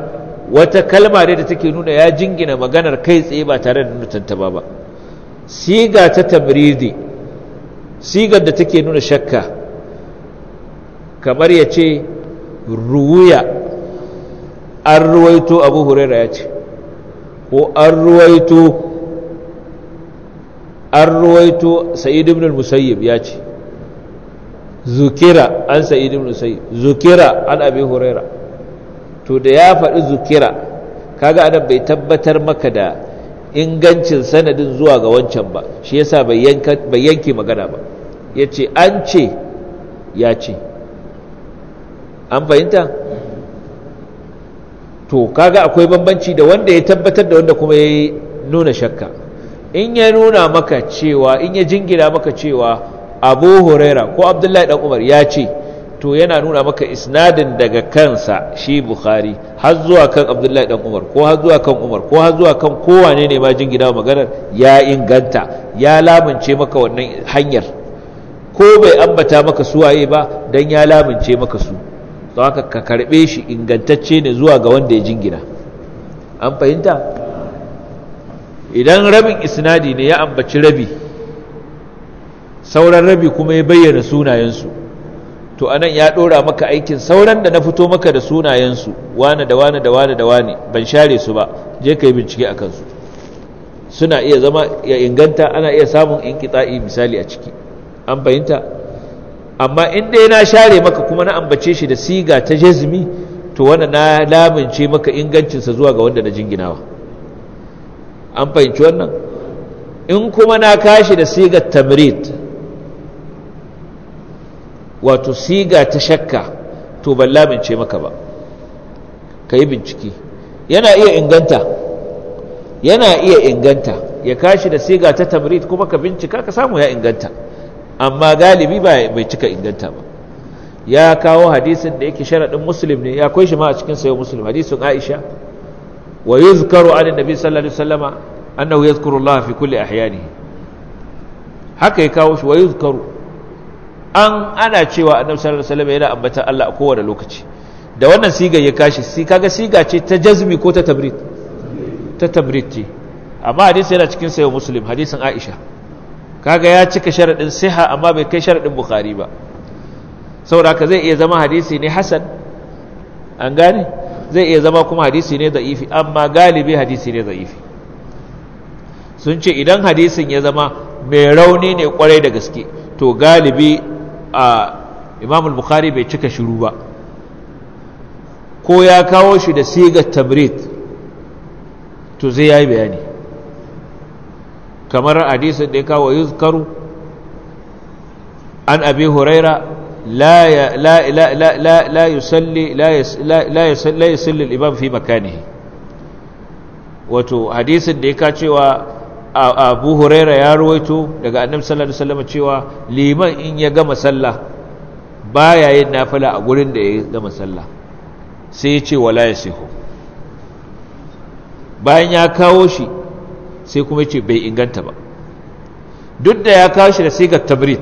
wata kalma ne da take nuna ya jingina maganar kai tsaye ba tare da nuna tantaba ba siga ta tabridi sigar da take nuna shakka kamar ya ce ruwuya an ruwaito abu huraira ya ce ko an ruwaito an ruwaito sa'id ibn musayyib ya ce zukira an sa'id ibn musayyib zukira an abi huraira to da ya faɗi zukira kaga adam bai tabbatar maka da ingancin sanadin zuwa ga wancan ba shi yasa bai yanke magana ba ya ce an ce ya ce an fahimta to kaga akwai bambanci da wanda ya tabbatar da wanda kuma ya nuna shakka in ya nuna maka cewa in ya jingina maka cewa abu huraira ko abdullahi dan umar ya ce to yana nuna maka isnadin daga kansa shi bukhari har zuwa kan abdullahi dan umar ko har zuwa kan umar ko har zuwa kan kowane ne ma gida maganar ya inganta ya lamince maka wannan hanyar ko bai ambata maka suwaye ba dan ya lamince maka su don haka ka karbe shi ingantacce ne zuwa ga wanda ya jin gida. an fahimta idan rabin isnadi ne ya ambaci rabi sauran rabi kuma ya bayyana sunayensu to anan ya dora maka aikin sauran da na fito maka da sunayensu wane da wane da wane da wane ban share su ba je ka yi bincike a kansu suna iya zama ya inganta ana iya samun inkita'i misali a ciki an fahimta amma in dai na share maka kuma na ambace shi da siga ta jazmi to wanda na lamince maka ingancinsa zuwa ga wanda na jinginawa an fahimci wannan in kuma na kashi da sigar tamrid wato siga ta shakka to ban lamince maka ba ka yi bincike yana iya inganta yana iya inganta ya kashi da siga ta tamrid kuma ka bincika ka samu ya inganta amma galibi ba bai cika inganta ba ya kawo hadisin da yake sharaɗin muslim ne ya kai shi ma a cikin sayo muslim hadisin aisha wa Zukaru an Nabi sallallahu alaihi wasallama annahu yadhkuru Allah ahyanihi haka ya kawo shi wa yuzkaru an ana cewa annabi sallallahu alaihi wasallam yana ambatan Allah a kowane lokaci da wannan sigar ya kashi kaga siga ce ta jazmi ko ta tabrit ta tabrit ce amma hadisi yana cikin sayo muslim hadisin aisha kaga ya cika sharadin siha amma bai kai sharadin bukhari ba saboda haka zai iya zama hadisi ne hasan an gane zai iya zama kuma hadisi ne da'ifi amma galibi hadisi ne da'ifi sun ce idan hadisin ya zama mai rauni ne kwarai da gaske to galibi a imam bukhari bai cika shiru ba ko ya kawo shi da sigar tabrit to zai yayi bayani kamar hadisi da ya kawo yuzkaru an abi huraira la la la la yusalli la yusalli al-imam fi makanihi wato hadisin da ya ka cewa abu huraira ya ruwaito daga annabi sallallahu alaihi wasallam cewa liman in ya gama sallah baya yin nafila a gurin da ya gama sallah sai ya ce wala yasihu bayan ya kawo shi sai kuma ya ce bai inganta ba duk da ya kawo shi da sigar tabrid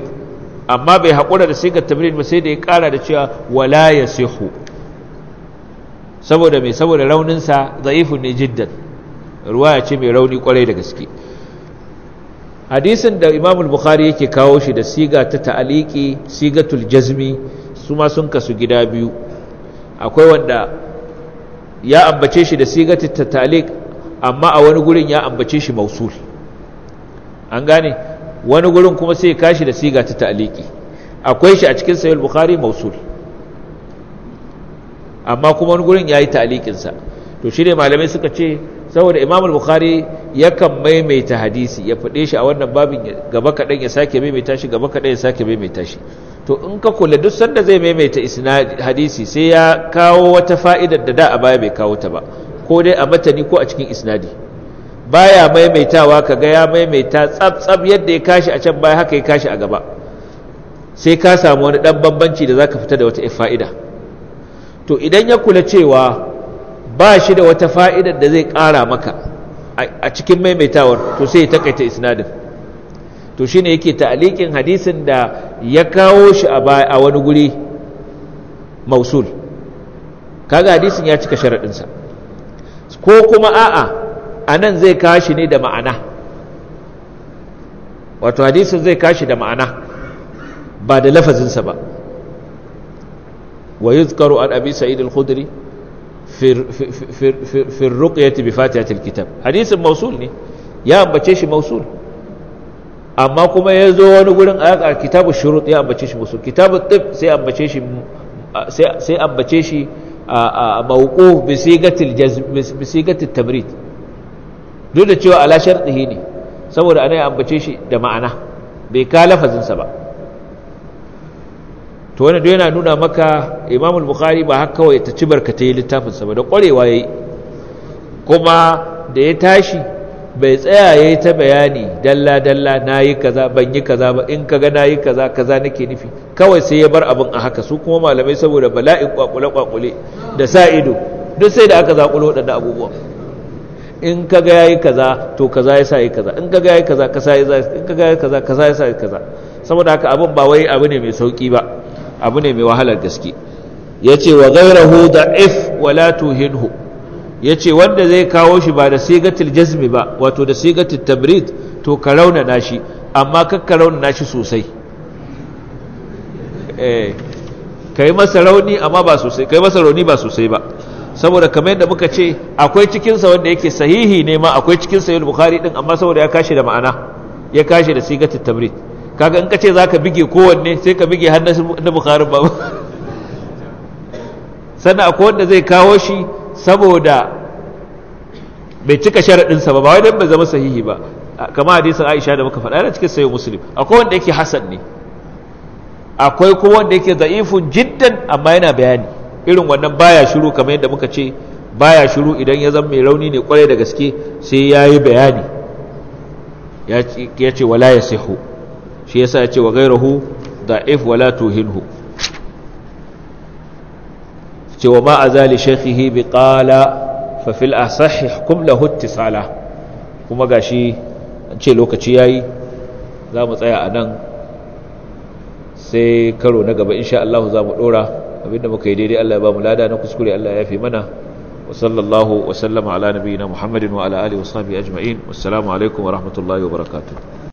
amma bai haƙura da sigar tabrid ba sai da ya ƙara da cewa wala yasihu saboda mai saboda rauninsa za'ifu ne jiddan ruwa ya ce mai rauni kwarai da gaske hadisin da imam bukhari yake kawo shi da siga ta ta'aliki sigatul jazmi su ma sun kasu gida biyu akwai wanda ya ambace shi da sigatul ta'alik amma a wani gurin ya ambace shi mausul an gane wani gurin kuma sai kashi da siga ta ta'aliki akwai shi a cikin sahih bukhari mausul amma kuma wani gurin ya yi ta'alikinsa. to ne malamai suka ce saboda imam al-bukhari yakan maimaita hadisi ya fade shi a wannan babin gaba kadan ya sake maimaita shi gaba kadan ya sake maimaita shi to in ka kula duk sanda zai maimaita isnad hadisi sai ya kawo wata fa'idar da da a baya bai kawo ta ba ko dai a matani ko a cikin isnadi baya maimaitawa ka ga ya maimaita tsab-tsab yadda ya kashi a can baya haka ya kashi a gaba sai ka samu wani dan bambanci da zaka fita da wata fa'ida to idan ya kula cewa ba shi da wata fa'idar da zai ƙara maka a cikin maimaitawar to sai ya takaita isnadin to shi ne yake ta'alikin hadisin da ya kawo shi a wani guri mausul kaga hadisin ya cika sharaɗinsa ko kuma a'a a nan zai kashi ne da ma'ana wato hadisin zai kashi da ma'ana ba da lafazinsa ba wa yuzkaru an alabi sa'id al-khudri fi ruqyati bi fatihatil kitab hadisin mausul ne ya ambace shi mausul amma kuma ya zo wani gurin a kitabu shurut ya ambace shi mausul kitabu tib sai ambace shi sai ambace shi a mawquf cewa ala shartihi ne saboda ana ambace shi da ma'ana bai ka lafazinsa ba to wani da yana nuna maka imamul bukhari ba haka kawai ta ci yi littafinsa ba da ƙwarewa ya yi kuma da ya tashi bai tsaya ya yi ta bayani dalla-dalla na yi kaza ban yi kaza ba in kaga na yi kaza kaza nake nufi kawai sai ya bar abin a haka su kuma malamai saboda bala'in kwakule-kwakule da sa ido duk sai da aka zaƙulo waɗanda abubuwan in kaga ya yi kaza to kaza ya sa yi kaza in kaga ya yi kaza kaza ya sa yi kaza saboda haka abin ba wai abu ne mai sauƙi ba abu ne mai wahalar gaske Ya ce wa ghayruhu da'if wa la tuhinhu ce, wanda zai kawo shi ba da sigatil jazmi ba wato da sigatil tabrid to ka raunana shi amma kakka raunana shi sosai eh, Ka kai masa rauni amma ba sosai kai masa rauni ba sosai ba saboda kamar yadda muka ce akwai cikinsa wanda yake sahihi ne ma akwai cikinsa yin bukari din amma saboda ya kashi da ma'ana ya kashi da sigatil tabrid kaga in ka ce za ka bige kowanne sai ka bige har na bukhari ba sannan akwai wanda zai kawo shi saboda bai cika sharaɗinsa ba ba wai bai zama sahihi ba kama hadisin aisha da muka faɗa yana cikin sayo muslim akwai wanda yake hasan ne akwai kuma wanda yake za'ifun jiddan amma yana bayani irin wannan baya shiru kamar yadda muka ce baya shiru idan ya zama mai rauni ne kwarai da gaske sai ya yi bayani ya ce wala ya sihu shi yasa ya ce wa gairahu da'if wala tuhinhu ce wa ma azali shaykhihi bi qala fa fil asahih kum lahu ittisala kuma gashi an ce lokaci yayi za mu tsaya a nan sai karo na gaba insha Allah za mu dora abinda muka yi daidai Allah ya ba mu lada na kuskure Allah ya fi mana wa sallallahu wa sallama ala nabiyina Muhammadin wa ala alihi wa sahbihi ajma'in wassalamu alaikum wa rahmatullahi wa barakatuh